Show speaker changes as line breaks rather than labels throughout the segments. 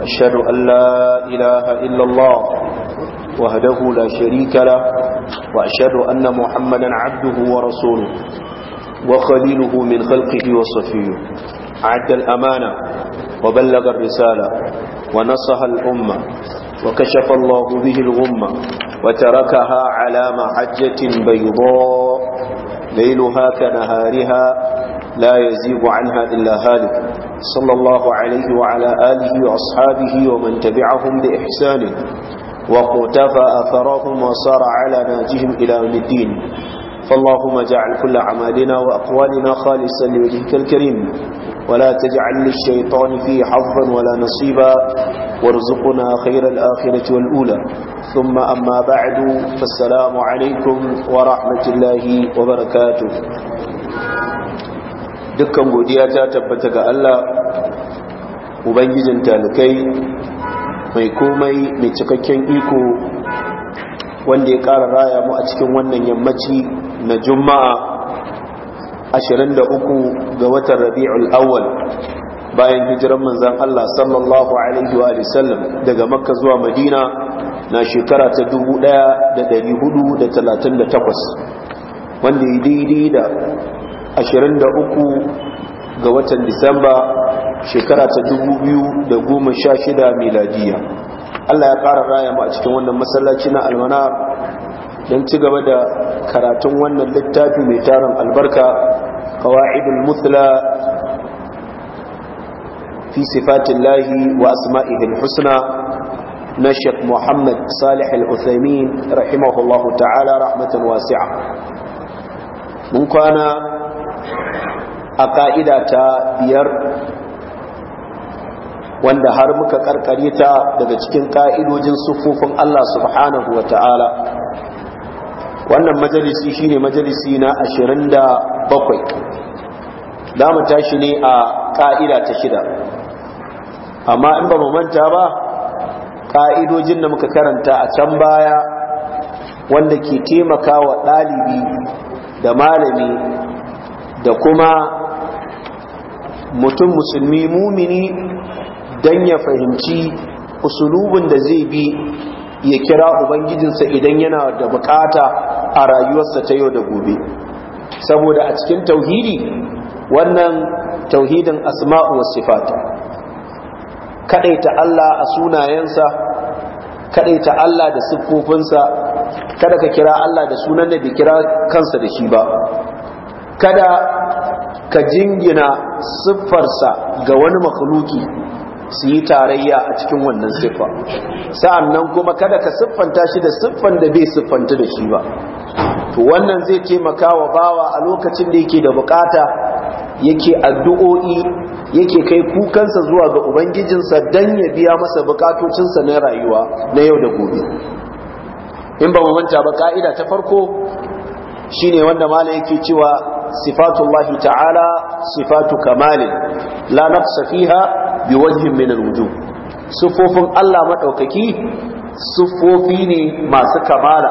وأشهد أن لا إله إلا الله وهده لا شريك له وأشهد أن محمدا عبده ورسوله وخليله من خلقه وصفيه عد الأمانة وبلغ الرسالة ونصها الأمة وكشف الله به الغمة وتركها على محجة بيضاء ليلها كنهارها لا يزيغ عنها إلا هالك صلى الله عليه وعلى آله وأصحابه ومن تبعهم بإحسان وقتفى أثرهم وصار على ناجهم إلى الدين فاللهم جعل كل عمالنا وأقوالنا خالصا لوجهك الكريم ولا تجعل للشيطان فيه حظا ولا نصيبا وارزقنا خير الآخرة والأولى ثم أما بعد فالسلام عليكم ورحمة الله وبركاته dukkan godiya ta tabbata ga Allah ubangijin talikai mai komai mai cikakken iko wanda ya ƙara raya mu a cikin wannan yammaci na juma'a 23 ga watan rabi'ul awwal bayan hijiran manzan Allah sallallahu alaihi wa sallam daga makka zuwa madina na shekara ta 1438 wanda ya daidai da 23 ga watan disamba shekara ta 2016 miladiya Allah ya ƙara raya mu a cikin wannan masallaci na almana don ci gaba da karatun wannan littafi mai tarin albarka qawa'idul musla fi sifatillahi wa asma'ihil husna na Sheikh Muhammad Salih Al-Uthaymeen rahimahullahu ta'ala rahmatan wasi'a mun kwana a ƙa'ida ta biyar wanda har muka karkare ta daga cikin ƙa'idojin sufufin Allah subhanahu wa ta'ala wannan majalisi shine majalisi na ashirin da bakwai damu mu tashi ne a ƙa'ida ta shida amma in ba mu manta ba ƙa'idojin da muka karanta a can baya wanda ke taimaka wa ɗalibi da malami da kuma mutum musulmi mumini don ya fahimci usulubin da zai bi ya kira ubangijinsa idan yana da bukata a rayuwarsa ta yau da gobe saboda a cikin tauhidi wannan tauhidin asma'u was sifat kadaita Allah a sunayensa kadaita Allah da siffofinsa kada ka kira Allah da sunan da bai kira kansa da shi ba kada ka jingina siffarsa ga wani makhluki su yi tarayya a cikin wannan siffa sa'annan kuma kada ka siffanta shi da siffan da bai siffanta da shi ba to wannan zai taimaka wa bawa a lokacin da yake da bukata yake addu'o'i yake kai kukansa zuwa ga ubangijinsa don ya biya masa bukatocinsa na rayuwa na yau da gobe in ba mu manta ba ka'ida ta farko shine wanda malam yake cewa sifatullahi ta'ala sifatu kamalin la naqsa fiha biwajhin min alwujuh sufofin Allah maɗaukaki صفوفي ne masu kamala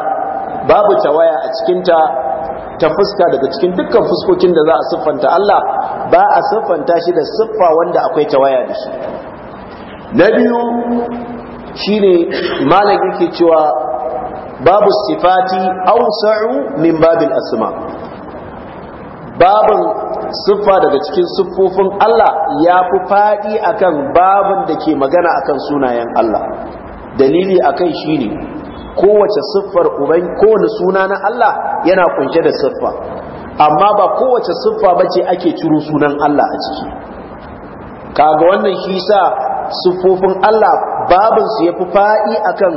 babu tawaya a cikinta ta fuska daga cikin dukkan fuskokin da za a siffanta Allah ba a siffanta shi da siffa wanda akwai tawaya da shi na biyu shine malam yake cewa babu sifati awsa'u min babil asma' babin siffa daga cikin siffofin Allah ya fi faɗi akan babin da ke magana akan sunayen Allah dalili akan shi ne kowace siffar uban kowane suna na Allah yana kunshe da siffa amma ba kowace siffa bace ake ciro sunan Allah a ciki kaga wannan shi sa siffofin Allah babin su yafi faɗi akan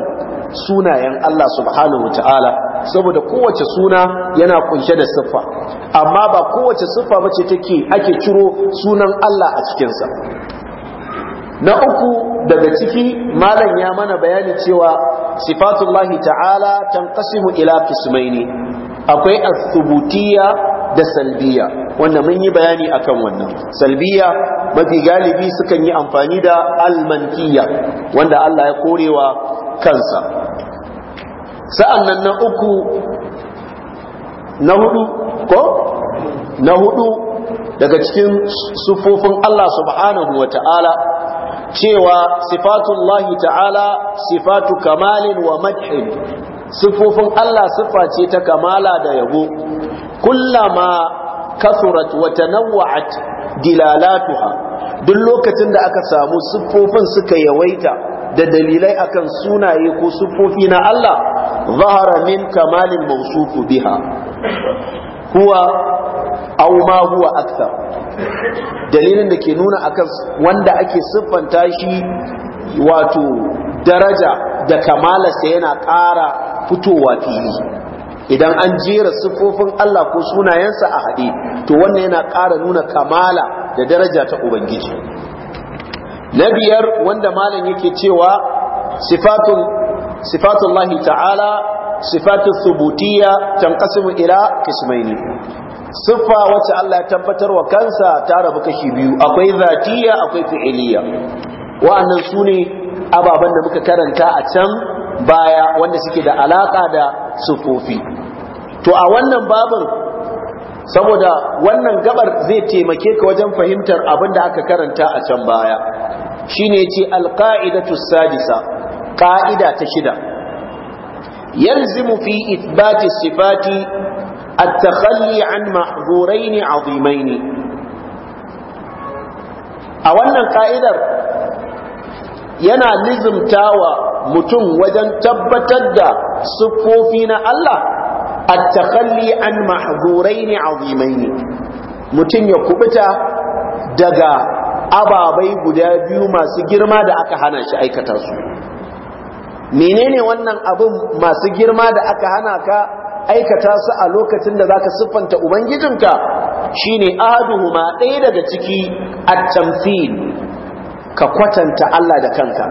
sunayen Allah subhanahu ta'ala, saboda kowace suna yana kunshe da siffa amma ba kowace siffa bace take ake ciro sunan Allah a cikinsa na uku daga ciki malam ya mana bayani cewa sifatullahi ta'ala tanqasimu ila qismaini akwai as-subutiyya da salbiyya wanda mun yi bayani akan wannan salbiyya mafi galibi sukan yi amfani da al-mantiyya wanda Allah ya korewa kansa sa'annan na uku na hudu ko na hudu daga cikin sufofin Allah subhanahu wa ta'ala cewa sifatullahi ta'ala sifatu kamalin wa madhin sifofin Allah sifa ce ta kamala da yabo kullama kasurat wa tanawwa'at dilalatuha duk lokacin da aka samu siffofin suka yawaita da dalilai akan sunaye ko sufofi na Allah zahara min kamalin mawsufu biha huwa aw ma huwa akthar dalilin da ke nuna akan wanda ake siffanta shi wato daraja da kamalarsa yana ƙara fitowa fili idan an jera siffofin Allah ko sunayensa a haɗe to wannan yana ƙara nuna kamala da daraja ta Ubangiji na biyar wanda malam yake cewa sifatun sifatullahi ta'ala sifatun subutiya tanqasimu ila Kismaini, siffa wacce Allah ya tabbatar wa kansa ta rabu kashi biyu akwai zatiya akwai fi'iliya wa'annan su ne ababen da muka karanta a can baya wanda suke da alaka da sufofi to a wannan babin saboda wannan gabar zai taimake ka wajen fahimtar abin da aka karanta a can baya shine yace alqa'idatu sadisa qa'ida ta shida yalzimu fi ithbati sifati at-takhalli an mahdhurayn 'azimayn a wannan ka'idar yana lizumtawa mutum wajen tabbatar da siffofi na Allah at-takhalli an mahdhurayn 'azimayn mutum ya kubuta daga ababai guda biyu masu girma da aka hana shi aikata su menene wannan abin masu girma da aka hana ka aikata su a lokacin da zaka siffanta ubangijinka shine ahaduhuma ɗaya daga ciki at-tamthil ka kwatanta Allah da kanka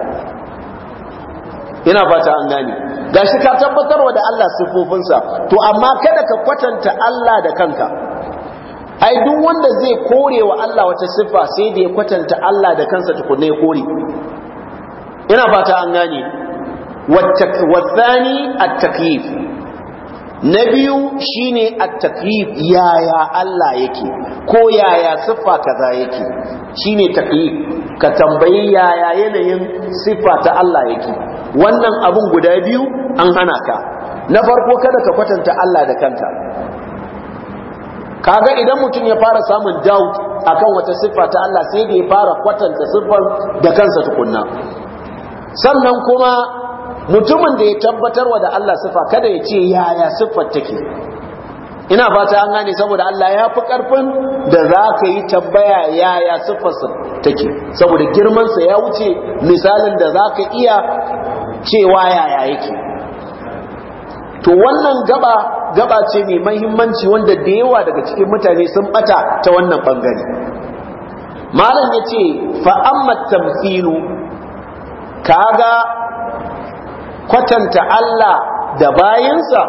ina fata an gane gashi ka tabbatarwa da Allah sifofinsa to amma kada ka kwatanta Allah da kanka ai duk wanda zai kore wa Allah wata siffa sai da ya kwatanta Allah da kansa tukunne ya kore ina fata an gane wathani a na biyu shine a takyif yaya Allah yake ko yaya siffa kaza yake shine takyif ka tambayi yaya yanayin siffa ta Allah yake wannan abun guda biyu an hana ka na farko kada ka kwatanta Allah da kanka kaga idan mutum ya fara samun doubt akan wata siffa ta Allah sai da ya fara kwatanta siffar da kansa tukunna sannan kuma mutumin da ya tabbatar wa da Allah siffa kada ya ce yaya siffar take ina fata an gane saboda Allah ya fi karfin da za ka yi tambaya yaya siffar take saboda girmansa ya wuce misalin da za ka iya cewa yaya yake to wannan gaba gaba ce mai mahimmanci wanda da yawa daga cikin mutane sun bata ta wannan bangare malam ya ce fa’ammat tamfilu kaga kwatanta Allah da bayansa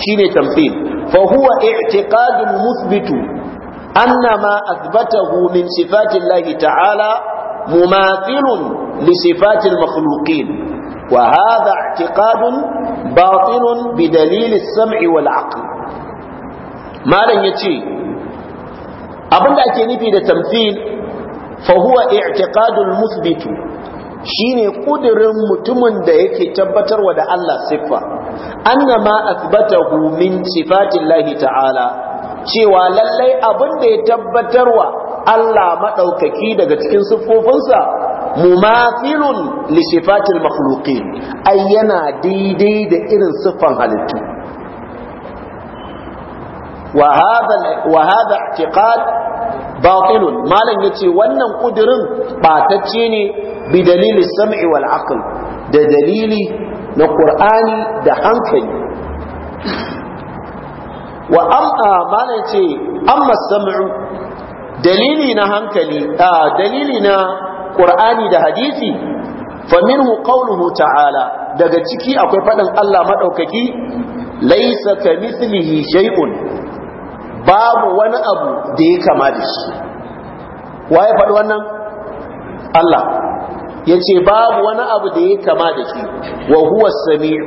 shine tamfil fa huwa i'tiqadun musbitu anna ma athbatahu min sifatillahi ta'ala mumathilun li sifatil al-makhluqin وهذا اعتقاد باطل بدليل السمع والعقل مالن يتي abinda ake nufi da tamthil fa huwa musbiti, muthbit shine kudirin mutumin da yake tabbatarwa da Allah siffa annama athbatahu min sifatillahi ta'ala cewa lallai abun da ya tabbatarwa Allah maɗaukaki daga cikin siffofinsa mumafilun li sifatil makhluqin ai yana daidai da irin siffan halittu wa hadha wa hadha i'tiqad batilun malan yace wannan kudirin batacce ne bi dalili sam'i wal aql da dalili na qur'ani da hankali wa amma malan yace amma sam'u dalili na hankali dalili na Qur'ani da hadisi fa minhu qawluhu ta'ala daga ciki akwai fadin Allah madaukaki laysa mithlihi shay'un babu wani abu da ya kama da shi waye faɗi wannan Allah yace babu wani abu da ya kama da shi wa huwa samiu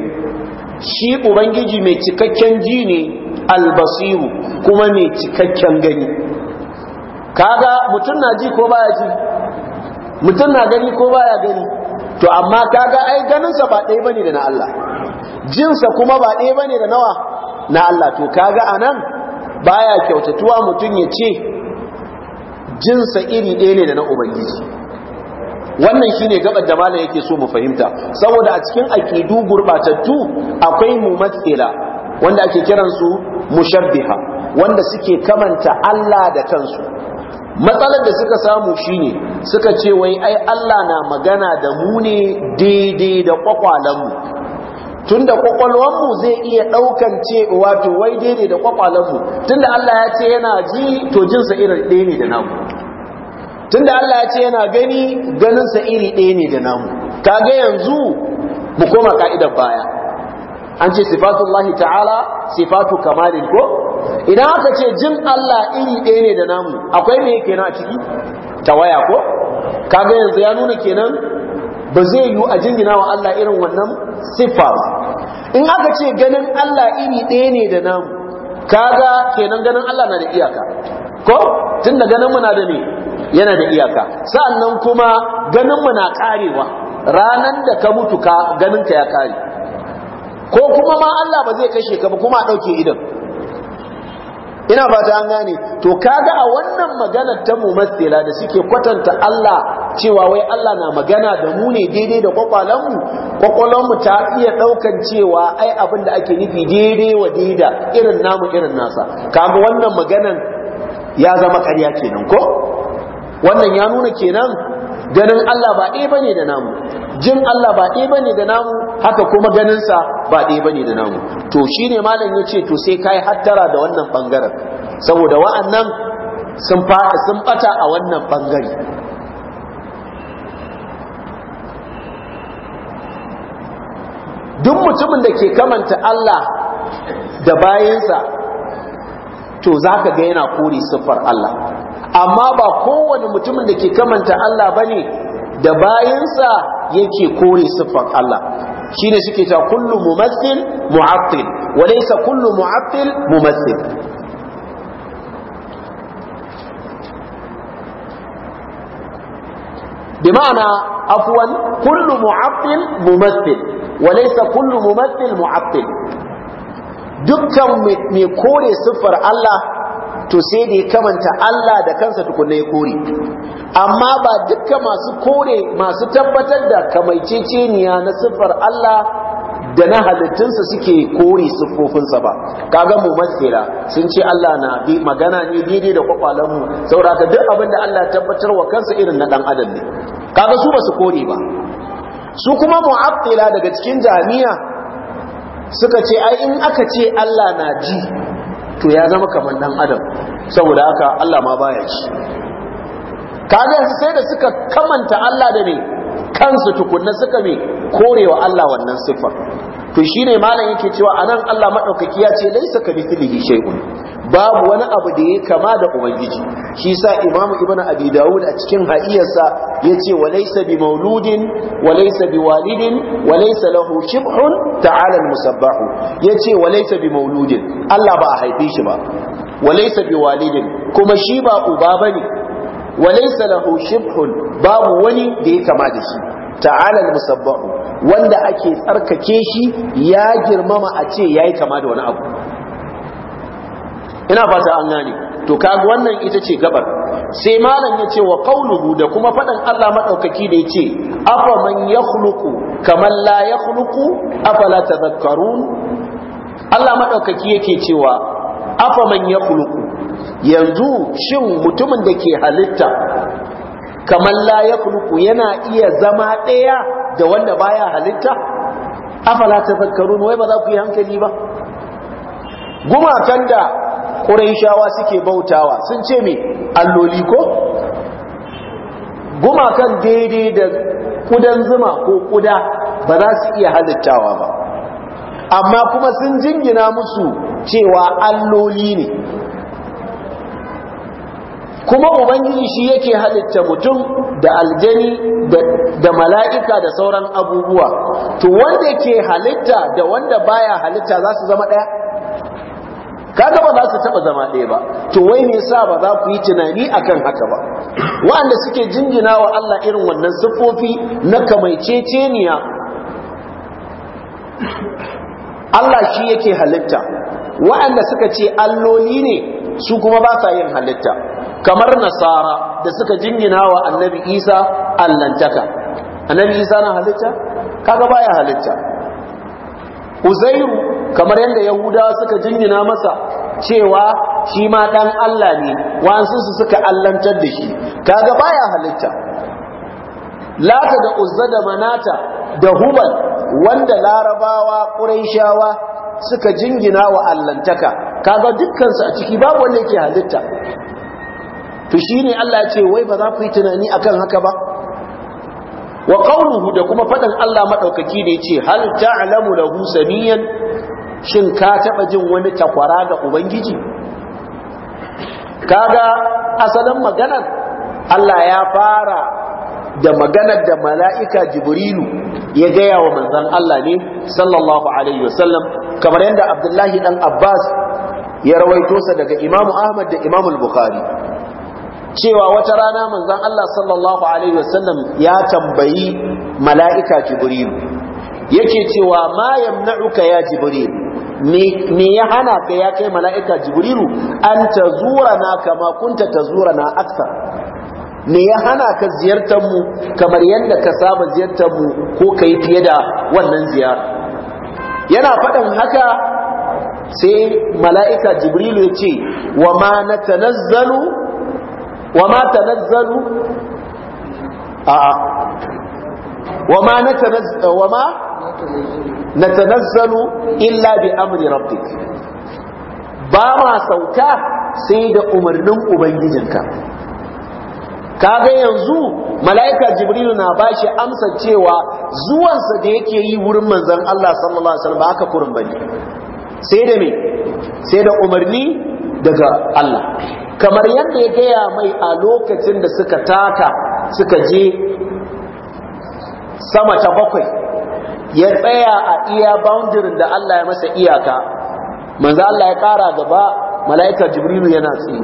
shi ubangiji mai cikakken ji ne al albasiru kuma mai cikakken gani kaga mutum na ji ko baya ji mutum na gani ko baya gani to amma ka ga, ai ganinsa ba ɗaya bane da na Allah jinsa kuma ba ɗaya bane da nawa na Allah to ka ga anan baya kyautatuwa mutum ya ce jinsa iri ɗaya ne da na ubangiji wannan shine gabar da malam yake so mu fahimta saboda a cikin aqidu gurbatattu akwai mumatsila wanda ake kiransu mushabbiha wanda suke kamanta Allah da kansu matsalar da suka samu shine suka ce wai ai Allah na magana da mu ne daidai da kwakwalanmu tunda kwakwalwanmu zai iya daukan ce wato wai daidai da kwakwalanmu tunda Allah ya ce yana ji to jinsa irin ɗaya ne da namu tunda Allah ya ce yana gani ganinsa iri ɗaya ne da namu kaga yanzu mu koma ka'idar baya an ce sifatullahi ta'ala sifatu kamalin ko idan aka ce jin Allah iri ɗaya ne da namu akwai me kenan a ciki tawaya ko kaga yanzu ya nuna kenan ba zai yiwu a jingina wa Allah irin wannan siffa in aka ce ganin Allah iri ɗaya ne da namu kaga kenan ganin Allah na da iyaka ko da ganin mu na da ne yana da iyaka sa'annan kuma ganin mu na karewa ranan da ka mutu ka ganin ka ya kare ko kuma ma Allah ba zai kashe ka ba kuma a ɗauke idan ina fata an gane to kaga a wannan maganar ta mumassila da suke kwatanta Allah cewa wai Allah na magana da mu ne daidai da kwakwalanmu mu ta iya daukan cewa ai abin da ake nufi daidai wa daida irin namu irin nasa kaga wannan maganan ya zama ƙarya kenan ko wannan ya nuna kenan ganin Allah ba ɗaya bane da namu jin Allah ba ɗaya bane da namu haka kuma ganinsa ba ɗaya bane da namu to shine malam ya ce to sai kai hattara da wannan bangaren saboda wa'annan sun sun bata a wannan bangare duk mutumin da ke kamanta Allah da bayansa to zaka ga yana kore siffar Allah amma ba kowane mutumin da ke kamanta Allah bane da bayansa yake kore siffar Allah shine suke ta kullu mumathil mu'attil wa laysa kullu mu'attil mumathil بمعنى عفوا كل معطل ممثل وليس كل ممثل معطل dukkan mai kore siffar Allah to sai da ya kamanta Allah da kansa tukunna ya kore amma ba duka masu kore masu tabbatar da kamaiceceniya na siffar Allah da na halittunsa suke kore siffofinsa ba kaga mu matsira sun ce Allah na bi magana ne daidai da kwakwalan mu saboda duk abin da Allah tabbatar wa kansa irin na dan adam ne kaga su ba su kore ba su kuma mu'attila daga cikin jami'a suka ce ai in aka ce Allah na ji to ya zama kamar dan adam saboda haka Allah ma baya ci kaga sai da suka kamanta Allah da ne kansu tukunna suka me korewa Allah wannan siffar to shine malam yake cewa anan Allah madaukaki ya ce laisa ka mithlihi shay'un babu wani abu da yake kama da ubangiji shi sa imamu ibnu abi daud a cikin haiyarsa yace wa laisa bi mauludin wa bi walidin wa lahu shibhun ta'ala al-musabbahu yace wa bi mauludin Allah ba a haife shi ba wa bi walidin kuma shi ba uba bane wa lahu shibhun babu wani da yake kama da shi ta'ala al-musabbahu wanda ake tsarkake shi ya girmama a ce yayi kama da wani abu ina fata an gane to kaga wannan ita ce gabar sai malam ya ce wa qauluhu da kuma fadan Allah madaukaki da yace afa man yakhluqu kaman la yakhluqu afala tadhakkarun Allah madaukaki yake cewa afa man yakhluqu yanzu shin mutumin da ke halitta kamar la ya yana iya zama ɗaya da wanda baya halitta afala ta zakarun wai ba za ku yi hankali ba gumakan da ƙuraishawa suke bautawa sun ce me alloli ko gumakan daidai da kudan zuma ko ƙuda ba za su iya halittawa ba amma kuma sun jingina musu cewa alloli ne kuma ubangiji shi yake halitta mutum da aljani da mala'ika da sauran abubuwa to wanda ke halitta da wanda baya halitta za su zama ɗaya kaga ba za su taba zama ɗaya ba to wai me yasa ba za ku yi tunani akan haka ba wanda suke jingina wa Allah irin wannan siffofi na kamaiceceniya Allah shi yake halitta wa'anda suka ce alloli ne su kuma ba sa yin halitta kamar nasara da suka jingina wa annabi isa allantaka annabi isa na halitta kaga baya halitta uzairu kamar yadda yahudawa suka jingina masa cewa shi ma dan Allah ne wasu su suka allantar da shi kaga baya halitta lata da uzza da manata da hubal wanda larabawa ƙuraishawa suka jingina wa allantaka Ka ga dukkansu a ciki babu wanda yake halitta to ne Allah ya ce wai ba za ku yi tunani akan haka ba wa qawluhu da kuma faɗin Allah maɗaukaki ne ce, hal ta'lamu lahu samiyan shin ka taɓa jin wani takwara ga ubangiji kaga asalin maganar Allah ya fara da maganar da mala'ika jibrilu ya gaya wa manzan Allah ne sallallahu alaihi wasallam kamar yadda abdullahi dan abbas ya rawaito sa daga imamu ahmad da imamu bukhari cewa wata rana manzon Allah sallallahu alaihi wasallam ya tambayi mala'ika jibril yake cewa ma yamna'uka ya jibril me ya hana ka ya kai mala'ika jibrilu an tazurana kama kunta tazurana aksar me ya hana ka ziyartar mu kamar yadda ka saba ziyartar mu ko kai fiye da wannan ziyara yana faɗin haka sai mala'ika jibrilu ya ce wa ma na tanazzalu wa illa bi amri rabbik ba ma sauka sai da umarnin ubangijinka ga yanzu mala'ika jibrilu na bashi amsa cewa zuwansa da yake yi wurin manzon Allah sallallahu alaihi wasallam ba haka kurin bane sai da mai sai da umarni daga Allah kamar yadda ya gaya mai a lokacin da suka taka suka je sama ta bakwai ya tsaya a iya boundary da Allah ya masa iyaka manzo Allah ya kara gaba mala'ika jibrilu yana tsi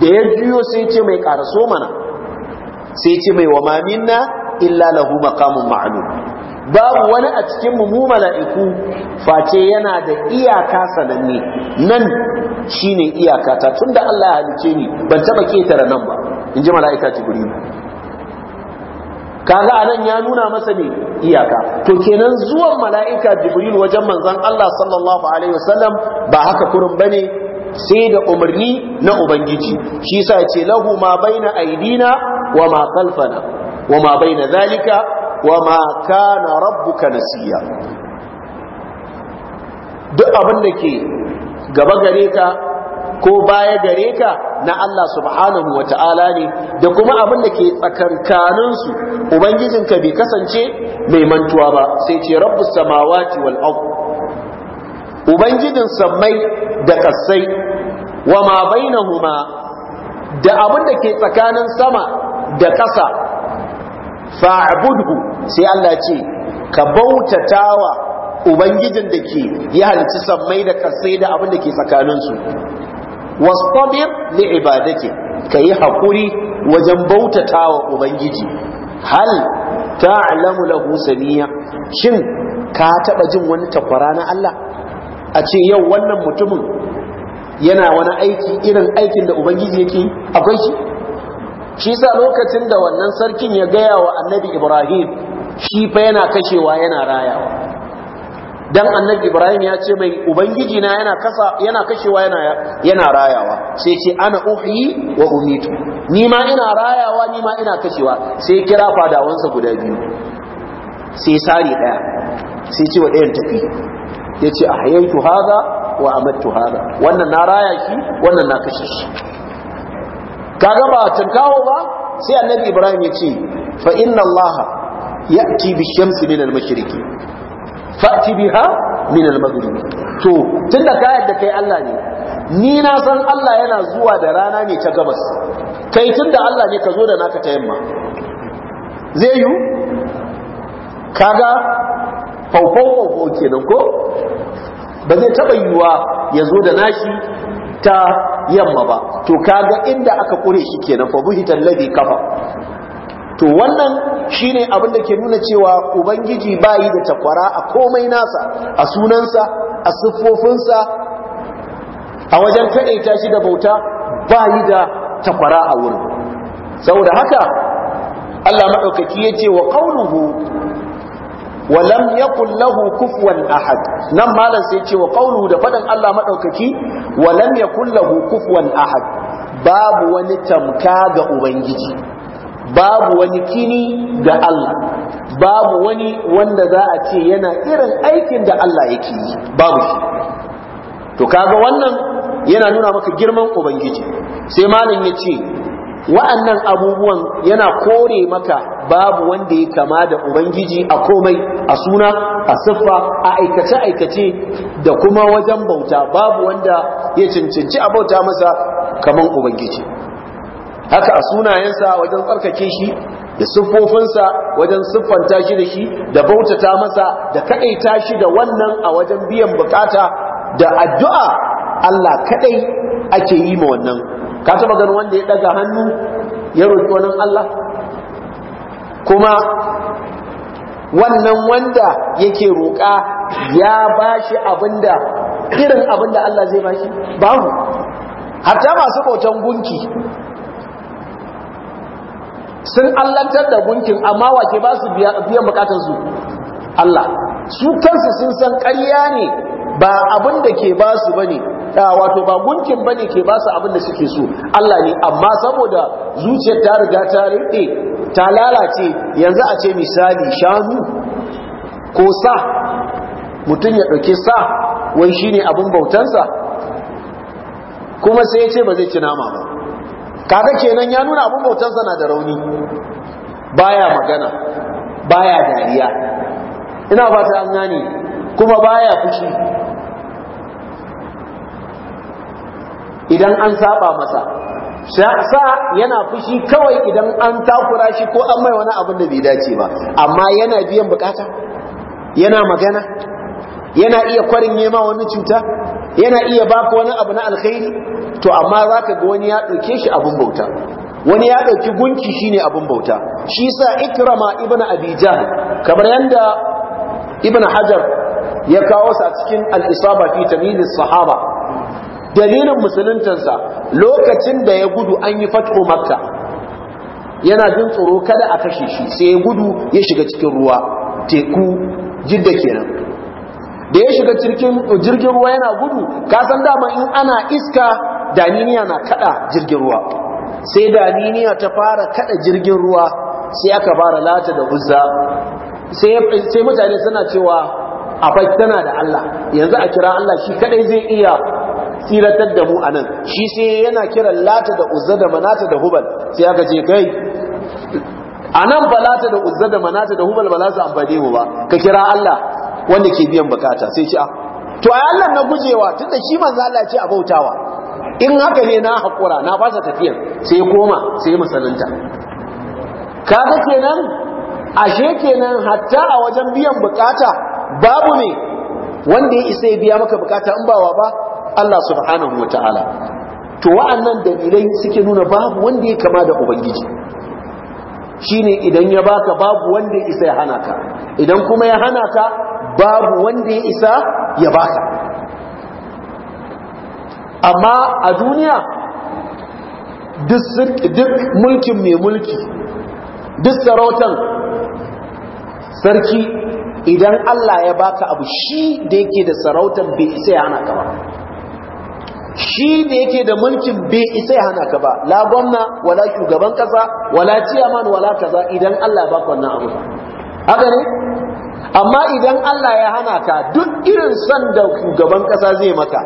da ya juyo sai ce mai karaso mana sai ce mai wa maminna illa lahu maqamun ma'lum babu wani a cikin mu mala'iku face yana da iyaka sananne nan shine iyaka ta tunda Allah ya halice ni ban taba ketare nan ba in ji mala'ika jibril kaga anan ya nuna masa ne iyaka to kenan zuwan mala'ika jibril wajen manzon Allah sallallahu alaihi wasallam ba haka kurun bane sai da umarni na ubangiji shi yasa ce lahu ma baina aidina wa ma khalfana wa ma baina zalika wa ma kana rabbuka nasiya duk abin da ke gaba gare ka ko baya gare ka na Allah subhanahu wa ta'ala ne da kuma abin da ke ubangijin ka bai kasance mai mantuwa ba sai ce rabbu samawati wal ard ubangijin sammai da kasai wa bainahuma da abin da ke tsakanin sama da ƙasa fa'budhu sai Allah ce ka bautatawa ubangijin da ke ya halci sammai da kasai da abin da ke tsakaninsu wastabir li ka yi hakuri wajen bautatawa ubangiji hal ta'lamu lahu samiya shin ka taɓa jin wani takwara na Allah a ce yau wannan mutumin yana wani aiki irin aikin da ubangiji yake akwai shi shi sa lokacin da wannan sarkin ya gaya wa annabi ibrahim shi fa yana kashewa yana rayawa dan annabi ibrahim ya ce mai ubangiji na yana kasa yana kashewa yana yana rayawa sai ce ana uhi wa umitu ni ma ina rayawa ni ma ina kashewa sai kira fadawansa guda biyu sai sari daya sai ce wa dayan tafi yace ahyaitu hadha wa amattu hadha wannan na raya shi wannan na kashe shi kaga ba kawo ba sai annabi ibrahim ya ce fa inna allaha ya'ti bi shamsi min al-mashriqi fa'ti biha min al-maghribi to tunda ka yadda kai Allah ne ni na san Allah yana zuwa da rana ne ta gabas kai tunda Allah ne ka zo da naka ta yamma zai yu kaga faufau ko kenan ko ba zai taba yuwa ya zo da nashi ta yamma ba to kaga inda aka kure shi kenan fa buhitan alladhi kafa to wannan shine abin da ke nuna cewa ubangiji bayi da takwara a komai nasa a sunansa a siffofinsa a wajen ta shi da bauta bayi da takwara a wurin saboda haka Allah madaukaki yace wa qawluhu walam lam yakul lahu kufuwan ahad nan malam sai ce wa qawluhu da fadan Allah madaukaki walam lam yakul lahu kufuwan ahad babu wani tamka ga ubangiji babu wani kini ga Allah babu wani wanda za a ce yana irin aikin da Allah yake yi babu shi to kaga wannan yana nuna maka girman ubangiji sai malam ya ce wa'annan abubuwan yana kore maka babu wanda ya kama da ubangiji a komai a suna a siffa a aikace aikace da kuma wajen bauta babu wanda ya cancanci a bauta masa kaman ubangiji haka a sunayensa wajen tsarkake shi da siffofinsa wajen siffanta shi da shi da bautata masa da kaɗaita shi da wannan a wajen biyan bukata da addu'a Allah kaɗai ake yi ma wannan ka taba ganin wanda ya daga hannu ya roƙi wani Allah kuma wannan wanda yake roƙa ya bashi abinda irin abinda Allah zai bashi mu. hatta masu bautan gunki sun allantar da gunkin amma wake ba su biyan bukatarsu Allah su kansu sun san ƙarya ne ba abinda ke ba su ba ne wato ba gunkin bane ke ba su abin da suke so Allah ne amma saboda zuciyar ta riga ta rike ta lalace yanzu a ce misali shanu ko sa mutum ya ɗauki sa wai shine abin bautansa kuma sai ya ce ba zai ci nama ba kaga kenan ya nuna abin bautansa na da rauni baya magana baya dariya ina fata an gane kuma baya fushi idan an saba masa sa yana fushi kawai idan an takura shi ko an mai wani abin da bai dace ba amma yana biyan bukata yana magana yana iya kwarin yema wani cuta yana iya baka wani abu na alkhairi to amma za ka ga wani ya ɗauke shi abin bauta wani ya ɗauki gunki shine abin bauta shi yasa ikrama ibn abi kamar yanda ibnu hajar ya kawo sa cikin al-isaba fi tamyiz sahaba dalilin musuluntansa lokacin da ya gudu an yi fatho makka yana jin tsoro kada a kashe shi sai ya gudu ya shiga cikin ruwa teku jidda kenan da ya shiga jirgin ruwa yana gudu kasan dama in ana iska daniniya na kada jirgin ruwa sai daniniya ta fara kada jirgin ruwa sai aka fara lata da uzza sai mutane suna cewa akwai tana da Allah yanzu a kira Allah shi kadai zai iya tsiratar da mu anan shi sai yana kiran lata da uzza da manata da hubal sai aka ce kai anan ba lata da uzza da manata da hubal ba za su amfane mu ba ka kira Allah wanda ke biyan bukata sai ce a ah, to ai Allah na gujewa tunda shi manzo Allah ce a bautawa in haka ne na hakura na ba tafiya sai koma sai musalunta kaga kenan ashe kenan hatta a wajen biyan bukata babu ne wanda ya isa ya biya maka bukata in bawa ba Allah subhanahu wataala to wa'annan dalilai suke nuna babu wanda ya kama da ubangiji shine idan ya baka babu wanda ya isa ya hana ka idan kuma ya hana ka babu wanda ya isa ya baka amma a duniya duk mulkin mai mulki duk sarautan sarki idan Allah ya baka abu shi da yake da sarautan bai isa ya hana ka ba shi ne yake da mulkin bai isa ya hana ka ba la gwamna wala shugaban kasa wala ciyaman wala kaza idan Allah ya baka wannan abu haka ne amma idan Allah ya hana ka duk irin san da shugaban kasa zai maka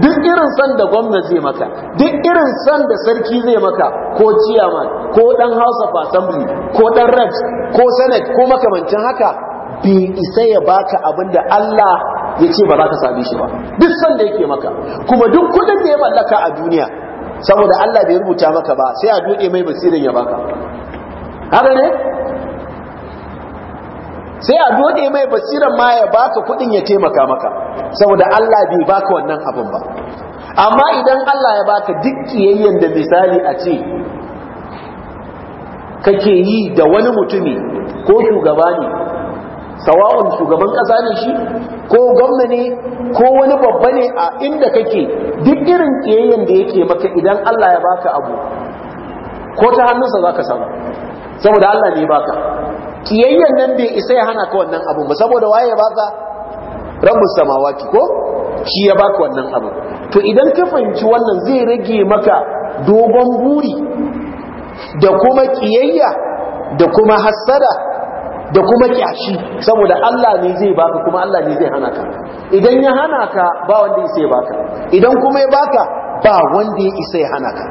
duk irin san da gwamna zai maka duk irin san da sarki zai maka ko ciyaman ko dan house of assembly ko dan reps ko senate ko makamancin haka bai isa ya baka abinda Allah ya ce ba za ka sami shi ba duk san da yake maka kuma duk kudin da ya mallaka a duniya saboda Allah bai rubuta maka ba sai a duɗe mai basirin ya baka haka ne sai a dode mai basirin ma ya baka kudin ya taimaka maka saboda Allah bai baka wannan abin ba amma idan Allah ya baka duk kiyayyen da misali a ce kake yi da wani mutumi ko shugaba ne sawa'un shugaban kasa ne shi ko gwamna ne ko wani babba ne a inda kake duk irin kiyayyen da yake maka idan Allah ya baka abu ko ta hannunsa za ka samu saboda Allah ne baka kiyayyen nan bai isa ya hana ka wannan abu ba saboda waye ya baka rabbus samawati ko shi ya baka wannan abu to idan ka fahimci wannan zai rage maka dogon buri da kuma kiyayya da kuma hassada da kuma kyashi saboda Allah ne zai baka kuma Allah ne zai hana ka idan ya hana ka ba wanda ya sai baka idan kuma ya baka ba wanda ya isa ya hana ka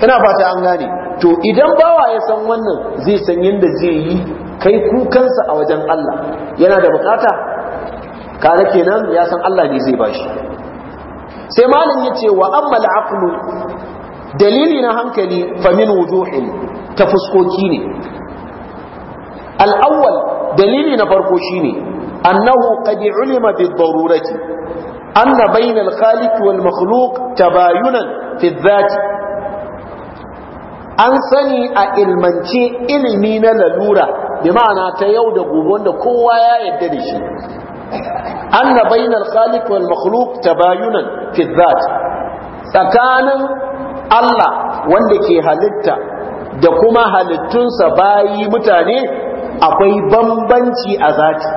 ina fata an gane to idan bawa ya san wannan zai san yadda zai yi kai kukansa a wajen Allah yana da bukata kare kenan ya san Allah ne zai bashi sai malam ya ce wa amma al'aqlu dalili na hankali fa min wuduhin ta fuskoki ne al'awwal dalili na farko shine annahu qad ulima bi darurati anna bayna al-khaliq an sani a ilmance ilimi na lalura bi ma'ana ta yau da gobe da kowa ya yadda da shi An bayna al-khaliq wal makhluq tabayunan fi tsakanin Allah wanda ke halitta da kuma halittunsa bayi mutane akwai bambanci a zati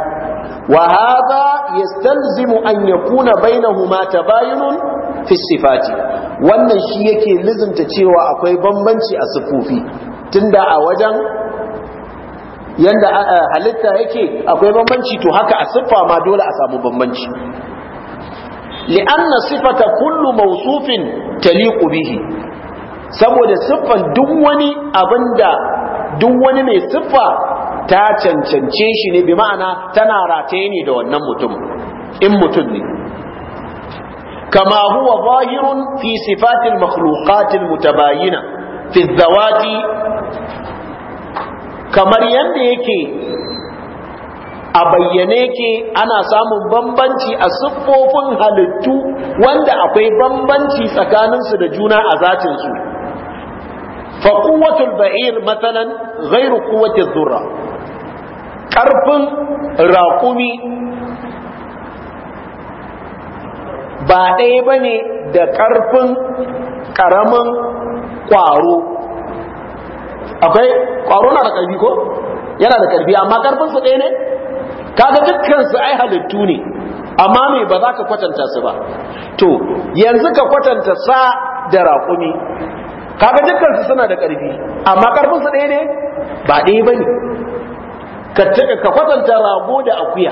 wa hadha yastalzimu an yakuna bainahuma tabayunun fi sifati wannan shi yake lizinta cewa akwai bambanci a sifofi tunda a wajen yanda halitta yake akwai bambanci to haka a siffa ma dole a samu bambanci li'anna sifata kullu mawsufin taliqu bihi saboda siffan duk wani abinda duk wani mai siffa ta cancance shi ne bi ma'ana tana rataye ne da wannan mutum in mutum ne kama huwa zahirun fi sifatil makhluqatil mutabayina fi zawati kamar yadda yake a bayyane ke ana samun bambanci a siffofin halittu wanda akwai bambanci tsakaninsu da juna a zatinsu faƙuwatul ba'ir matsalan ghairu kuwatul zurra ƙarfin raƙumi ba ɗaya ba ne da ƙarfin ƙaramin ƙwaro akwai ƙwaro na da ƙarfi ko yana da ƙarfi amma ƙarfinsu ɗaya ne ga dukkansu ai halittu ne amma me ba za ka kwatanta su ba to yanzu ka kwatanta sa da raƙumi ga dukkansu suna da ƙarfi amma ƙarfinsu ɗaya ne ba ɗaya ba ne ka kwatanta rago da akuya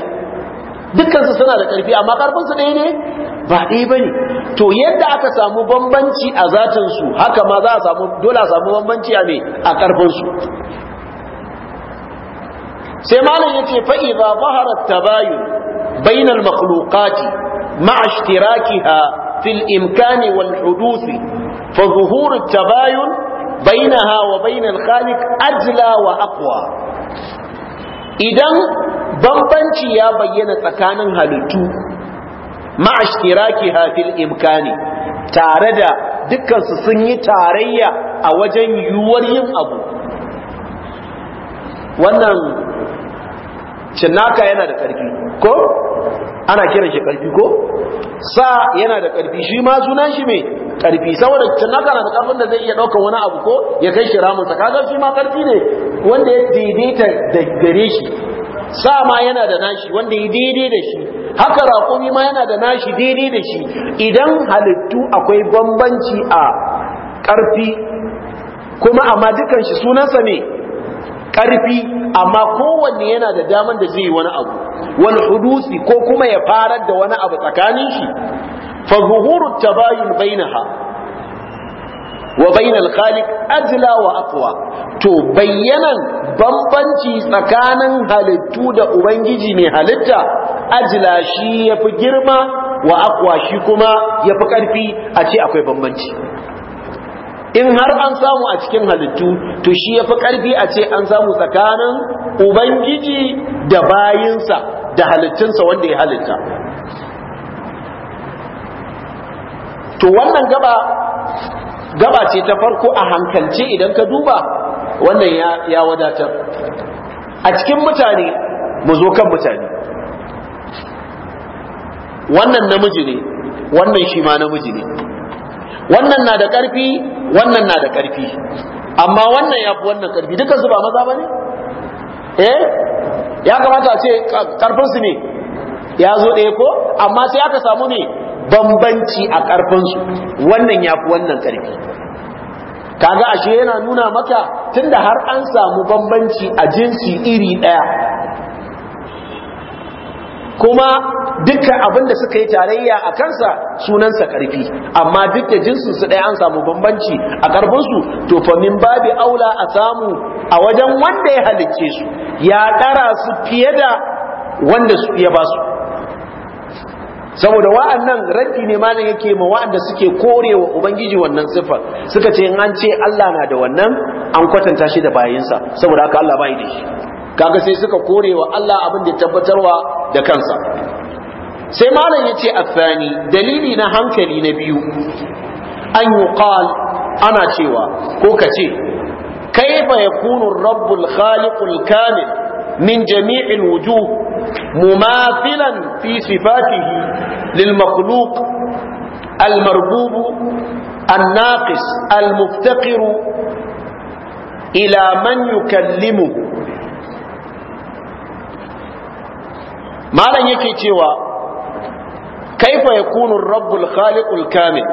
dukkansu suna da ƙarfi amma ƙarfinsu ɗaya ne ba ɗaya ba ne to yadda aka samu bambanci a zatinsu haka ma za a samu dole a samu bambanci a me a ƙarfinsu sai malam ya ce fa'i ba zaharar tabayu bainal makhluqati ma'a ishtirakiha fil imkani wal hudusi fa zuhuru tabayun bainaha wa bainal khaliq ajla wa aqwa idan bambanci ya bayyana tsakanin halittu ma'ashtiraki hafil imkani tare da dukkansu sun yi tarayya a wajen yiwuwar yin abu wannan cinnaka yana da ƙarfi ko ana kiran shi karfi ko sa yana da karfi shi ma sunan shi mai karfi saboda tunaka da karfin da zai iya dauka wani abu ko ya kai shi ramun sa kaga shi ma karfi ne wanda ya daidaita da gare shi sa ma yana da nashi wanda ya daidai da shi haka raƙumi ma yana da nashi daidai da shi idan halittu akwai bambanci a karfi kuma amma dukan shi sunansa ne karfi amma kowanne yana da daman da zai yi wani abu wal hudusi ko kuma ya farar da wani abu tsakanin shi fa zuhuru tabayun bainaha wa bainal khaliq ajla wa aqwa to bayyanan bambanci tsakanin halittu da ubangiji mai halitta ajla shi yafi girma wa aqwa shi kuma yafi karfi a ce akwai bambanci in har an samu a cikin halittu to shi ya fi ƙarfi a ce an samu tsakanin ubangiji da bayinsa da halittunsa wanda ya halitta to wannan gaba gaba ce ta farko a hankalce idan ka duba wannan ya wadatar a cikin mutane mu zo kan mutane wannan namiji ne wannan shi ma namiji ne wannan na da karfi wannan na da karfi amma wannan ya fi wannan karfi dukkan su ba maza ba ne eh ya kamata a ce ƙarfinsu ne ya zo ɗaya ko amma sai aka samu ne bambanci a ƙarfinsu wannan ya fi wannan karfi kaga ashe yana nuna maka tunda har an samu bambanci a jinsi iri ɗaya kuma dukkan abin da suka yi tarayya a kansa sunansa karfi amma duk da jinsin su ɗaya an samu bambanci a karfin su to fa min babi aula a samu a wajen wanda ya halicce su ya ɗara su fiye da wanda su ya ba su saboda wa'annan raddi ne malam yake ma wa'anda suke korewa ubangiji wannan siffar suka ce in an ce Allah na da wannan an kwatanta shi da bayinsa saboda haka Allah bai da shi kaga sai suka korewa Allah abin da tabbatarwa da kansa sai malam ce athani dalili na hankali na biyu an yuqal ana cewa ko ka ce? kaifa yakunu rabbul khaliqul kamil min jami'il wujuh mumafilan fi sifatihi lil makhluq al marbub الناقص المفتقر إلى من يكلمه malam yake cewa kaifa yakunu rabbul khaliqul kamil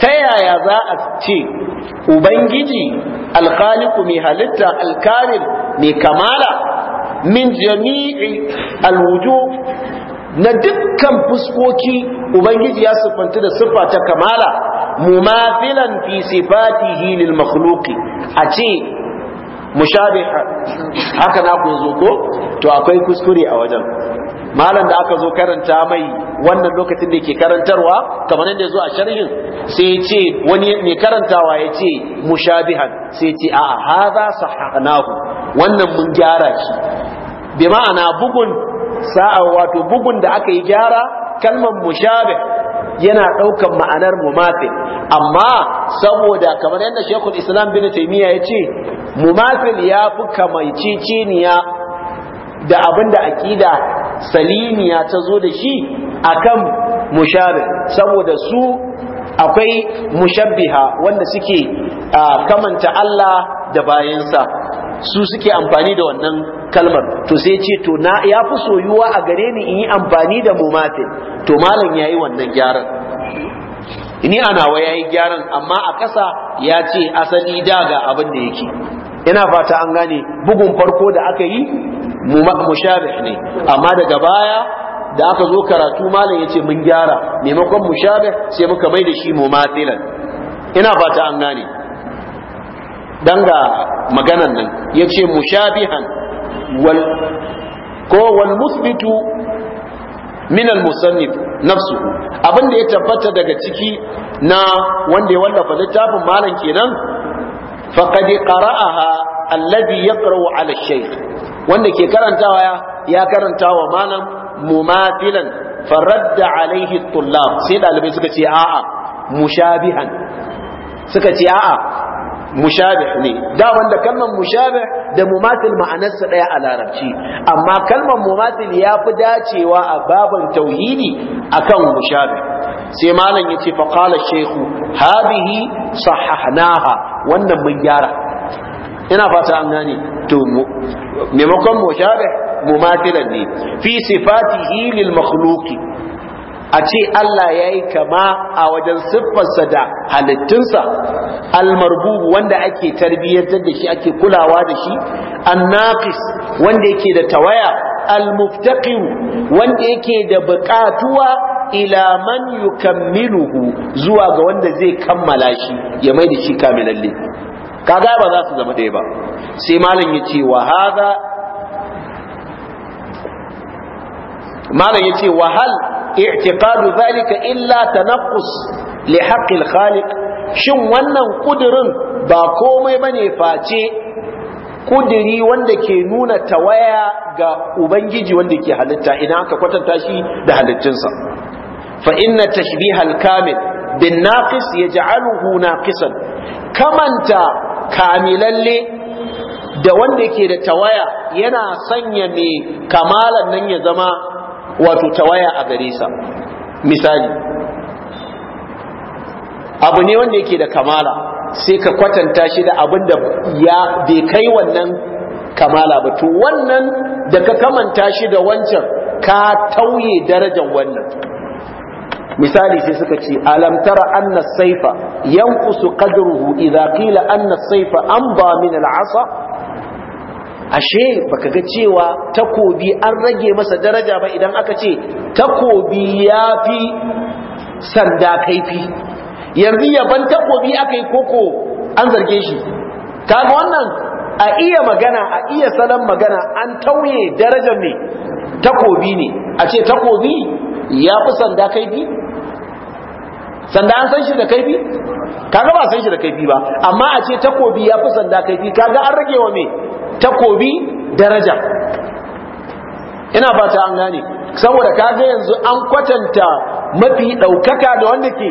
ta yaya za a ce ubangiji alkhaliqu mai halitta alkamil mai kamala min jami'i alwujuh na dukkan fuskoki ubangiji ya siffanta da siffa ta kamala mumathilan fi sifatihi lil makhluqi a ce mushabih haka na ku ko to akwai kuskure a wajen malam da aka zo karanta mai wannan lokacin da yake karantarwa kamar yadda zo a sharhin sai ya ce wani ne karantawa ya ce mushabihan sai ya ce a haza sahahnahu wannan mun gyara shi bi ma'ana bugun sa'a wato bugun da aka yi gyara kalmar mushabih yana ɗaukan ma'anar mumafi amma saboda kamar yadda shekul Islam bin taimiyya ya ce mumafil ya fi ciciniya da abin da aƙida salimiya ta zo da shi akan mushabih saboda su akwai mushabbiha wanda suke kamanta Allah da bayansa su suke amfani da wannan kalmar to sai ce to na ya fi soyuwa a gare ni in yi amfani da mumatin to malam ya yi wannan gyaran ni a nawa ya yi gyaran amma a ƙasa ya ce asali da ga abin da yake ina fata an gane bugun farko da aka yi mu mushabih ne amma daga baya da aka zo karatu malam yace mun gyara maimakon mushabih sai muka mai da shi matilan ina fata an gane dan ga maganan nan yace mushabihan wal ko wal musbitu min al musannif nafsu abinda ya tabbata daga ciki na wanda ya wallafa littafin malam kenan faqad qara'aha alladhi yaqra'u 'ala ash-shaykh wanda ke karantawa ya karanta wa malam mumathilan faradda alaihi at-tullab sai dalibai suka ce a'a mushabihan suka ce a'a mushabih ne da wanda kalmar mushabih da mumathil ma'anarsa daya a larabci amma kalman mumathil ya fi dacewa a baban tauhidi akan mushabih sai malam yace fa qala shaykhu hadhihi sahahnaha wannan mun gyara ina fata an gane to maimakon Mu mumatilan ne fi sifatihi lil makhluqi a ce Allah ya yi kama a wajen siffarsa da halittunsa almarbubu wanda ake tarbiyyantar da shi ake kulawa da shi annaqis wanda yake da tawaya almuftaqiru wanda yake da buƙatuwa ila man yukammiluhu zuwa ga wanda zai kammala shi ya mai da shi kamilalle kaga ba za su zama ɗaya ba sai malam ya ce wa hada malam ya ce wa hal i'tiqadu zalika illa tanaqqus li haqqil khaliq shin wannan kudirin ba komai bane face kudiri wanda ke nuna tawaya ga Ubangiji wanda ke halitta idan aka kwatanta shi da halittinsa. fa inna tashbihal kamil bin naqis yaj'aluhu naqisan kamanta kamilalle da wanda yake da tawaya yana sanya mai kamalan nan ya zama wato tawaya a gare sa misali abu ne wanda yake da kamala sai ka kwatanta shi da abin da ya bai kai wannan kamala ba to wannan da ka kamanta shi da wancan ka tauye darajar wannan misali sai suka ce alam tara anna saifa yanqusu qadruhu idza qila anna saifa amba min al'asa ashe baka ga cewa takobi an rage masa daraja ba idan aka ce takobi yafi sanda kaifi yanzu yaban takobi akai koko an zarge shi kaga wannan a iya magana a iya salon magana an tauye darajar ne takobi ne a ce takobi ya fi sanda kaifi sanda an san shi da kaifi kaga ba san shi da kaifi ba amma a ce takobi ya fi sanda kaifi kaga an rage wa me takobi daraja ina ba an gane saboda kaga yanzu an kwatanta mafi ɗaukaka da wanda ke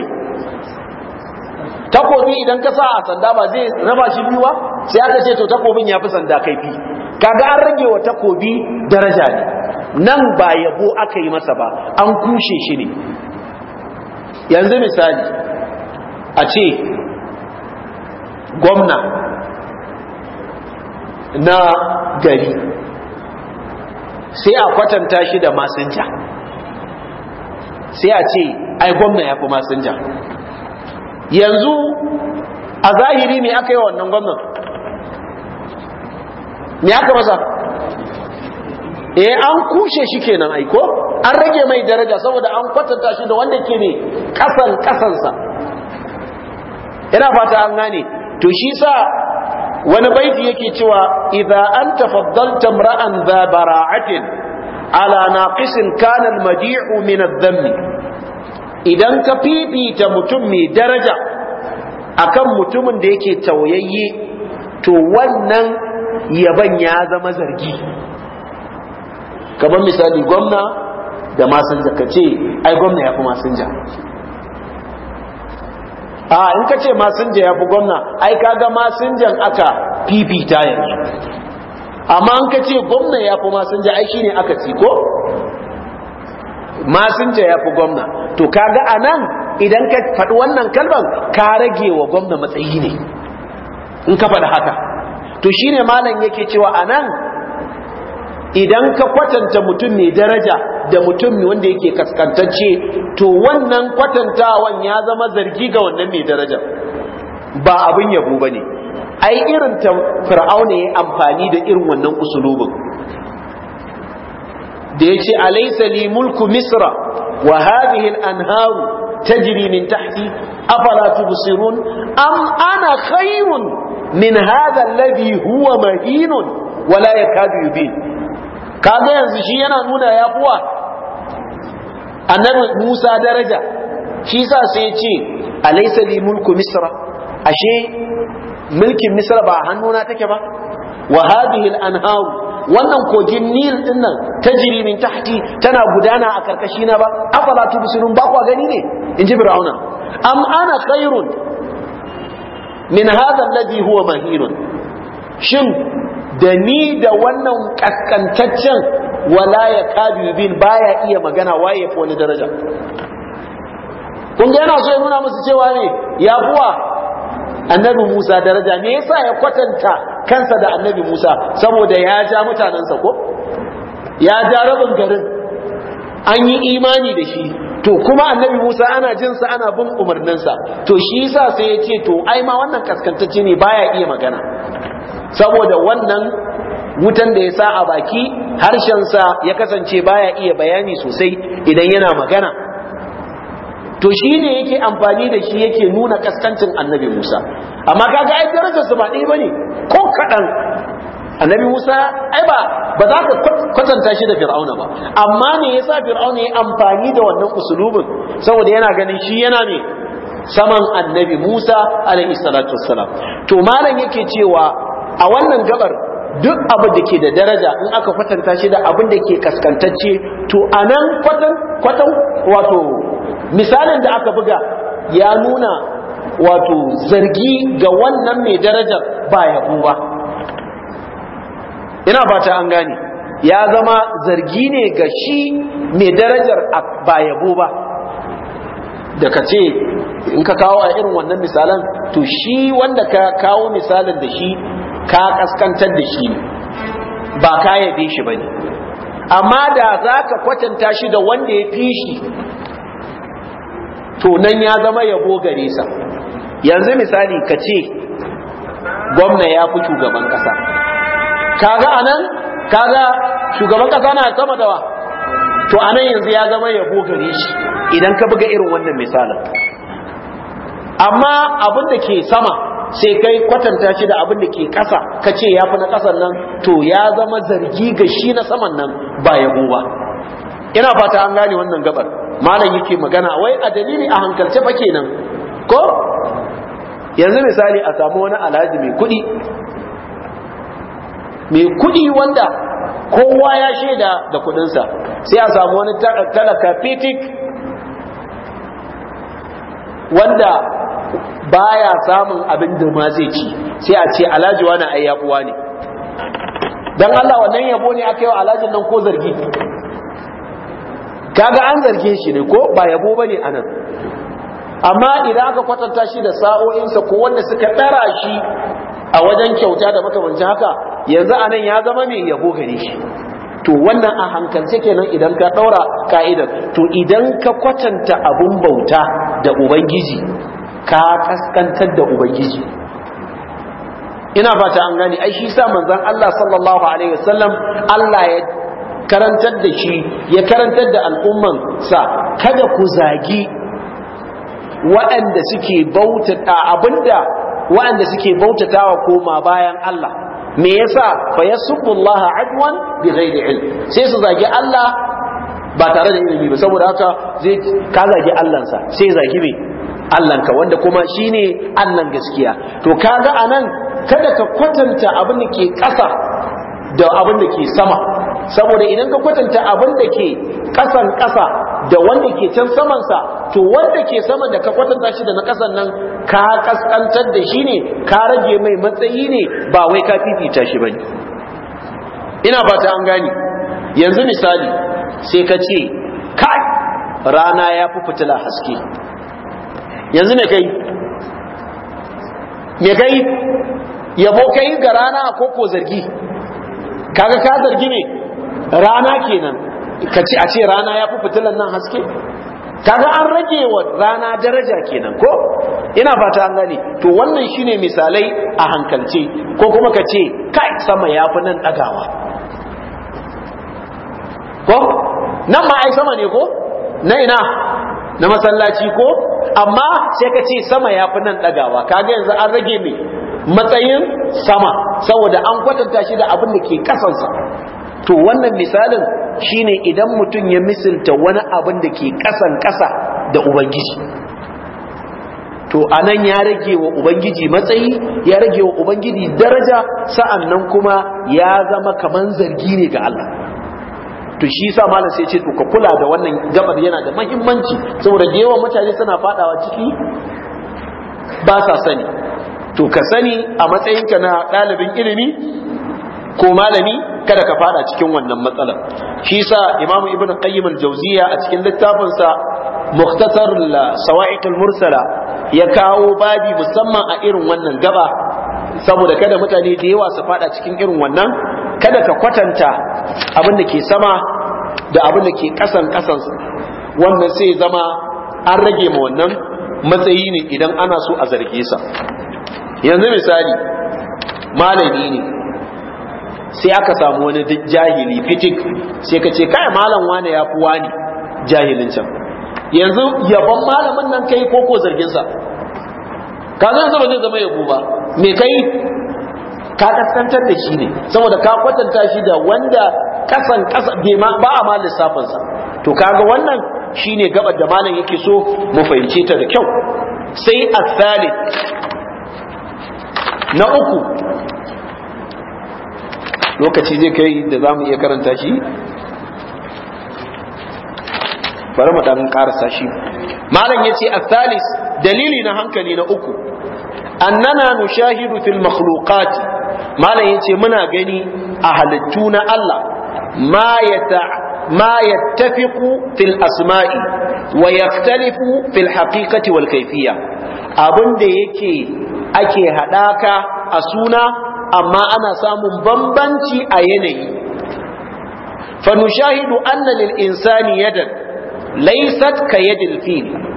takobi idan ka sa a sanda ba zai raba shi biyu ba sai aka ce to takobin ya fi sanda kaifi kaga an rage wa takobi daraja ne nan ba yabo aka yi masa ba an kushe shi ne yanzu misali a ce gwamna na gari sai a kwatanta shi da masinja sai a ce ai gwamna ya fi masinja yanzu a zahiri me aka yi wannan gwamnan me aka masa eh an kushe shi kenan aiko an rage mai daraja saboda an kwatanta shi da wanda ke ne kasan kasansa ina fata an gane to shi sa wani baiti yake cewa idza anta faddalta imra'an dha bara'atin ala naqisin kana madiu min adh-dhammi idan ka fifita mutum mai daraja akan mutumin da yake tauyayye to wannan yaban ya zama zargi kamar misali gwamna da masanja ka ce ai gwamna ya fi masanja a in ka ce masanja ya fi gwamna ai kaga masanjan aka fifita yanzu amma in ka ce gwamna ya fi masanja ai shi ne aka ci ko masinja ya fi gwamna to kaga a nan idan ka faɗi wannan kalban ka rage wa gwamna matsayi ne in ka faɗi haka to shi ne malam yake cewa a nan idan ka kwatanta mutum mai daraja da mutum wanda yake kaskantacce to wannan kwatantawan ya zama zargi ga wannan mai daraja ba abin yabo ne. ai irin ta fir'auna ya amfani da irin wannan usulubin da yace alaysa li mulku misra wa hadhihi al-anharu tajri min tahti afala tubsirun am ana khayrun min hadha alladhi huwa mahinun wala yakadu yubin kaga yanzu shi yana nuna ya kuwa annabi Musa daraja shi sa sai ce alaysa li mulku misra ashe mulkin misra ba hannuna take ba wa hadhihi al-anharu wannan kogin nil din nan tajri min tahti tana gudana a karkashi na ba afala tubsirun ba kwa gani ne inji fir'auna am ana khairun min hadha alladhi huwa mahinun shin da ni da wannan kaskantaccen wala ya kabi bin baya iya magana waye ya fi wani daraja kun ga yana so ya nuna musu cewa ne ya buwa annabi Musa daraja me yasa ya kwatanta kansa da annabi Musa saboda ya ja mutanensa ko ya ja rabin garin an yi imani da shi to kuma annabi Musa ana jinsa ana bin umarninsa to shi yasa sai ya ce to ai ma wannan kaskantacce ne baya iya magana saboda wannan wutan da ya sa a baki harshensa ya kasance baya iya bayani sosai idan yana magana to shi ne yake amfani da shi yake nuna kaskancin annabi musa amma kaga ai darajarsa ba ɗaya ba ko kaɗan annabi musa ai ba ba za ka kwatanta shi da fir'auna ba amma ne yasa fir'auna ya amfani da wannan usulubin saboda yana ganin shi yana ne saman annabi musa alaihi salatu wassalam to malam yake cewa a wannan gabar duk abu da ke da daraja in aka kwatanta shi da abin da ke kaskantacce to a nan kwatan wato misalin da aka buga ya nuna wato zargi ga wannan mai darajar ba yabo ba ina ta an gane ya zama zargi ne ga shi mai darajar ba yabo ba da ka ce in ka kawo a irin wannan misalan to shi wanda ka kawo misalin da shi ka kaskantar da shi ne ba ka yabe shi ne. amma da za ka kwatanta shi da wanda ya fi shi to nan ya zama yabo gare sa yanzu misali ka ce gwamna ya fi shugaban kasa ga anan ga shugaban kasa na sama da wa to anan yanzu ya zama yabo gare shi idan ka buga irin wannan misalin amma abin da ke sama sai kai kwatanta shi da abin da ke kasa ka ce ya fi na kasan nan to ya zama zargi ga shi na saman nan ba yabo ba ina fata an gane wannan gabar malam yake magana wai a dalili a hankalce fa kenan ko yanzu misali a samu wani alhaji mai kuɗi mai kuɗi wanda kowa ya shaida da kuɗinsa sai a samu wani talaka fitik wanda baya samun abin da ma zai ci sai a ce alhaji wani ai yabuwa ne dan Allah wannan yabo ne aka yi wa alhajin nan ko zargi kaga an zarge shi ne ko ba yabo bane anan amma idan aka kwatanta shi da sa'o'insa ko wanda suka tsara shi a wajen kyauta da makamancin haka yanzu anan ya zama mai yabo gare shi to wannan a hankalce kenan idan ka daura ka'idar to idan ka kwatanta abun bauta da ubangiji ka kaskantar da ubangiji ina fata an gani. ai shi sa manzon Allah sallallahu alaihi wasallam Allah ya karantar da shi ya karantar da al'umman sa kada ku zagi waɗanda suke bautata abinda waɗanda suke bautatawa koma bayan Allah me yasa fa yasubbullaha adwan bighairi ilm sai su zagi Allah ba tare da ilimi ba saboda haka zai ka zagi Allah sa sai zagi me Allahnka wanda kuma shine Allahn gaskiya to kaga anan kada ka kwatanta abin da ke ƙasa da abin da ke sama saboda idan ka kwatanta abin da ke ƙasan ƙasa da wanda ke can samansa to wanda ke sama da ka kwatanta shi da na ƙasan nan ka kaskantar da shi ne ka rage mai matsayi ne ba wai ka fifita shi bane ina fata an gani yanzu misali sai ka ce kai rana ya fi fitila haske yanzu me kai me kai yabo kai ga rana ko ko zargi kaga ka zargi ne rana kenan ka ce a ce rana ya fi fitilan nan haske kaga an rage wa rana daraja kenan ko ina fata an gane to wannan shine misalai a hankalce ko kuma ka ce kai sama ya fi nan dagawa ko nan ma ai sama ne ko na ina na masallaci ko amma sai ka ce sama ya fi nan ɗagawa kaga yanzu an rage mai matsayin sama saboda an kwatanta shi da abin da ke kasansa. to wannan misalin shine idan mutum ya misalta wani abin da ke ƙasan ƙasa da ubangiji to anan ya rage wa ubangiji matsayi ya rage wa ubangiji daraja sa'annan kuma ya zama kaman zargi ne ga Allah to shi sa malam sai ce to ka kula da wannan gabar yana da mahimmanci saboda da yawan mutane suna fadawa ciki ba sa sani to ka sani a matsayinka na ɗalibin ilimi ko malami kada ka fada cikin wannan matsalar shi sa imamu ibn qayyim al-jawziya a cikin littafinsa mukhtasar sawa'iq al-mursala ya kawo babi musamman a irin wannan gaba saboda kada mutane da yawa su fada cikin irin wannan kada ka kwatanta abin da ke sama da abin da ke kasan kasan wannan sai zama an rage ma wannan matsayi ne idan ana so a zarge sa yanzu misali malami ne sai aka samu wani jahili fitik sai ka ce kai malam wane ya fi wani jahilin can yanzu yabon malamin nan kai ko ko zargin sa ka zan zama zai zama yabo ba me kai ka kaskantar da shi ne saboda ka kwatanta shi da wanda kasan kasa ba a ma lissafinsa to kaga wannan shine gabar da malam yake so mu fahimce ta da kyau sai asali na uku lokaci zai kai da za mu iya karanta shi bari mu dan karasa shi malam yace athalis dalili na hankali na uku annana nushahidu fil makhluqat malam yace muna gani a halittu na Allah ma yata ma yattafiqu fil asma'i wa yaftalifu fil haqiqati wal kayfiyya abin yake ake hadaka a suna amma ana samun bambanci a yanayi fa nushahidu anna lil insani yadan laysat ka yadil fil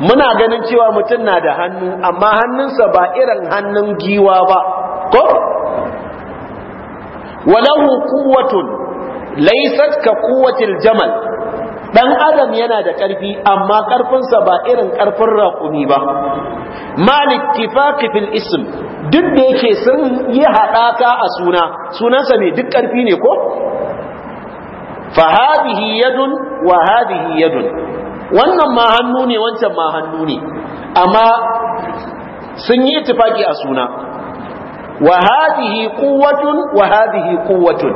muna ganin cewa mutum na da hannu amma hannunsa ba irin hannun giwa ba ko walahu quwwatun laysat ka quwwatil jamal dan adam yana da karfi amma karfinsa ba irin karfin raƙumi ba malik kifaki fil ism duk da yake sun yi haɗaka a suna sunansa ne duk karfi ne ko fa hadhihi yadun wa hadhihi yadun wannan ma hannu ne wancan ma hannu ne amma sun yi tufaki a suna wa hadihi quwwatun wa hadihi quwwatun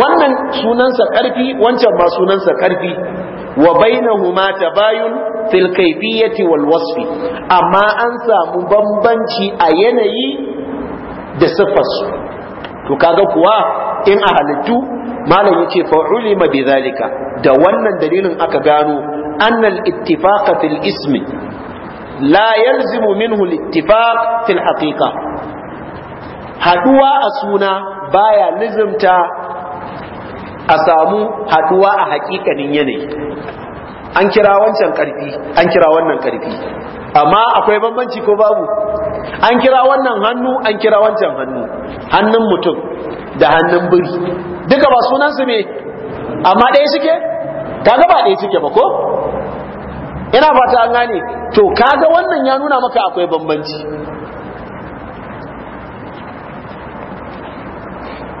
wannan sunansa karfi wancan ma sunansa karfi wa bainahuma tabayun fil kayfiyati wal wasfi amma an samu bambanci a yanayi da siffarsu to kaga kuwa in a halittu malam yace fa ulima zalika da wannan dalilin aka gano annal ittifaq fil ismi la yalzimu minhu al-ittifaq fil haqiqa haduwa a suna baya nizumta a samu haduwa a hakikanin yanayi an kira wancan karfi an kira wannan karfi amma akwai bambanci ko babu an kira wannan hannu an kira wancan hannu hannun mutum da hannun biri duka ba sunansu ne amma ɗaya suke kaga ba ɗaya suke ba ko ina fata an gane to kaga wannan ya nuna maka akwai bambanci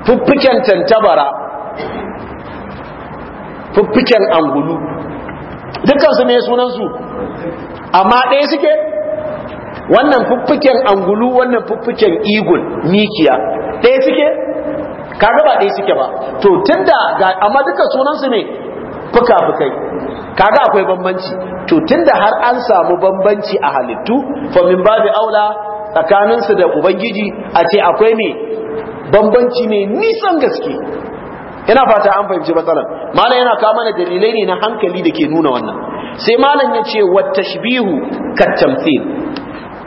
fuffiken tantabara fuffiken angulu dukansu ne sunansu amma ɗaya suke wannan fuffiken angulu wannan fuffiken igun mikiya ɗaya suke kaga ba ɗaya suke ba to tunda amma duka sunan su ne fuka-fukai kaga akwai bambanci to tunda har an samu bambanci a halittu fa min babu aula tsakanin su da ubangiji a ce akwai ne bambanci ne nisan gaske ina fata an fahimci matsalar malam yana kawo mana dalilai ne na hankali da ke nuna wannan sai malam ya ce wa tashbihu kat tamthil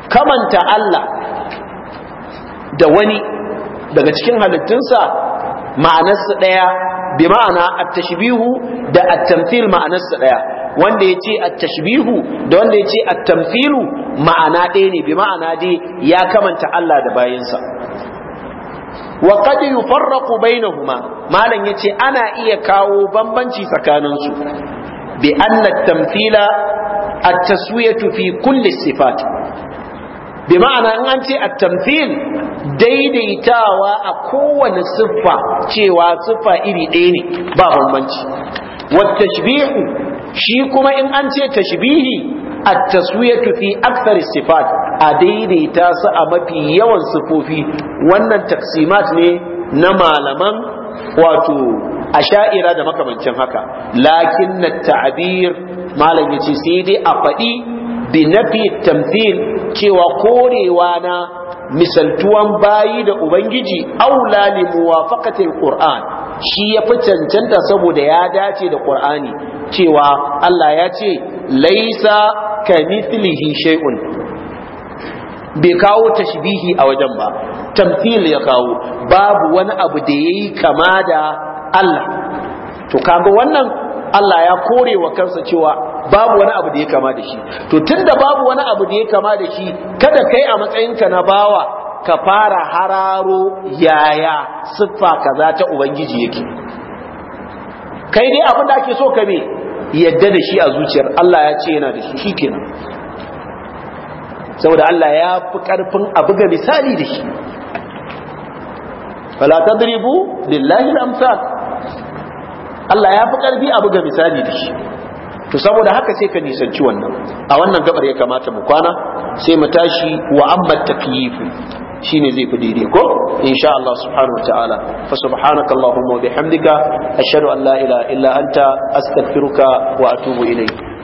kamanta Allah da wani daga cikin halittunsa ma'anarsa ɗaya bi ma'ana at-tashbihu da at-tamthil ma'anarsa ɗaya wanda ya ce at-tashbihu da wanda ya ce at-tamthilu ma'ana ɗaya ne bi ma'ana dai ya kamanta Allah da bayansa. wa qad yufarraqu bainahuma malan yace ana iya kawo bambanci tsakaninsu bi anna at-tamthila at-taswiyatu fi kulli sifat bi ma'ana in an ce at-tamthil daidaitawa a kowane siffa cewa siffa iri ɗaya ne ba bambanci Wa tashbihu shi kuma in an ce tashbihi at-taswiyatu fi akthar sifat a daidaita su a mafi yawan sifofi wannan taksimat ne na malaman wato a sha'ira da makamancin haka lakin na ta'abir malam yace sai dai a faɗi bi nafi tamthil cewa korewa na misaltuwan bayi da ubangiji aula li muwafaqatil qur'an shi ya fi cancanta saboda ya dace da qur'ani cewa Allah ya ce laisa kamithlihi shay'un bai kawo tashbihi a wajen ba tamthil ya kawo babu wani abu da yayi kama da Allah to kaga wannan Allah ya kore wa kansa cewa babu wani abu da ya kama da shi to tunda babu wani abu da ya kama da shi kada kai a matsayinka na bawa ka fara hararo yaya siffa kaza ta ubangiji yake kai dai abin da ake so ka me yadda da shi a zuciyar Allah ya ce yana da shi shikenan saboda Allah ya fi karfin abu ga misali da shi fala tadribu lillahi al-amsal Allah ya fi karfi abu ga misali da shi to saboda haka sai ka nisanci wannan a wannan gabar ya kamata mu kwana sai mu tashi wa amma takyifu shine zai fi daidai ko insha Allah subhanahu wa ta'ala fa subhanaka allahumma wa bihamdika ashhadu an la ilaha illa anta astaghfiruka wa atubu ilayk